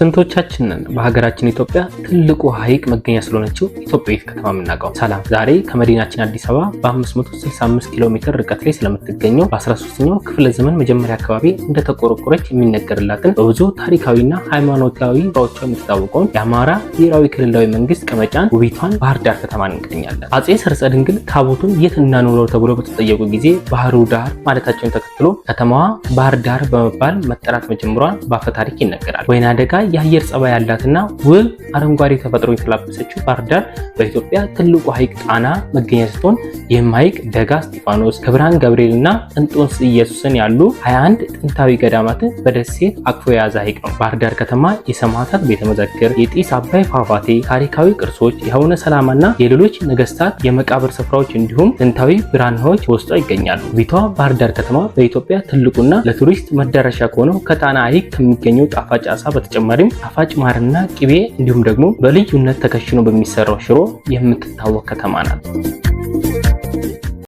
ስንቶቻችን ነን በሀገራችን ኢትዮጵያ ትልቁ ሐይቅ መገኛ ስለሆነችው ኢትዮጵያዊት ከተማ የምናውቀው? ሰላም። ዛሬ ከመዲናችን አዲስ አበባ በ565 ኪሎ ሜትር ርቀት ላይ ስለምትገኘው በ13ኛው ክፍለ ዘመን መጀመሪያ አካባቢ እንደተቆረቆረች የሚነገርላትን በብዙ ታሪካዊና ሃይማኖታዊ ስራዎቿ የምትታወቀውን የአማራ ብሔራዊ ክልላዊ መንግስት ቀመጫን ውቢቷን ባህር ዳር ከተማ እንገኛለን። አጼ ሰርጸ ድንግል ታቦቱን የት እናኑረው ተብሎ በተጠየቁ ጊዜ ባህሩ ዳር ማለታቸውን ተከትሎ ከተማዋ ባህር ዳር በመባል መጠራት መጀመሯን ታሪክ ይነገራል። ወይና ደጋ የአየር ጸባይ ያላትና ውብ አረንጓዴ ተፈጥሮ የተላበሰችው ባህር ዳር በኢትዮጵያ ትልቁ ሐይቅ ጣና መገኛ ስትሆን ይህም ሐይቅ ደጋ እስጢፋኖስ፣ ክብርሃን ገብርኤል እና ጥንጦንስ ኢየሱስን ያሉ 21 ጥንታዊ ገዳማትን በደሴት አቅፎ የያዘ ሐይቅ ነው። ባህር ዳር ከተማ የሰማዕታት ቤተመዘክር፣ የጢስ አባይ ፏፏቴ፣ ታሪካዊ ቅርሶች፣ የአቡነ ሰላማና የሌሎች ነገስታት የመቃብር ስፍራዎች እንዲሁም ጥንታዊ ብራናዎች በውስጧ ይገኛሉ። ቢቷ ባህር ዳር ከተማ በኢትዮጵያ ትልቁና ለቱሪስት መዳረሻ ከሆነው ከጣና ሐይቅ ከሚገኘው ጣፋጭ አሳ በተጨማሪ በመጨማሪም ጣፋጭ ማርና ቅቤ እንዲሁም ደግሞ በልዩነት ተከሽኖ በሚሰራው ሽሮ የምትታወቅ ከተማ ናት።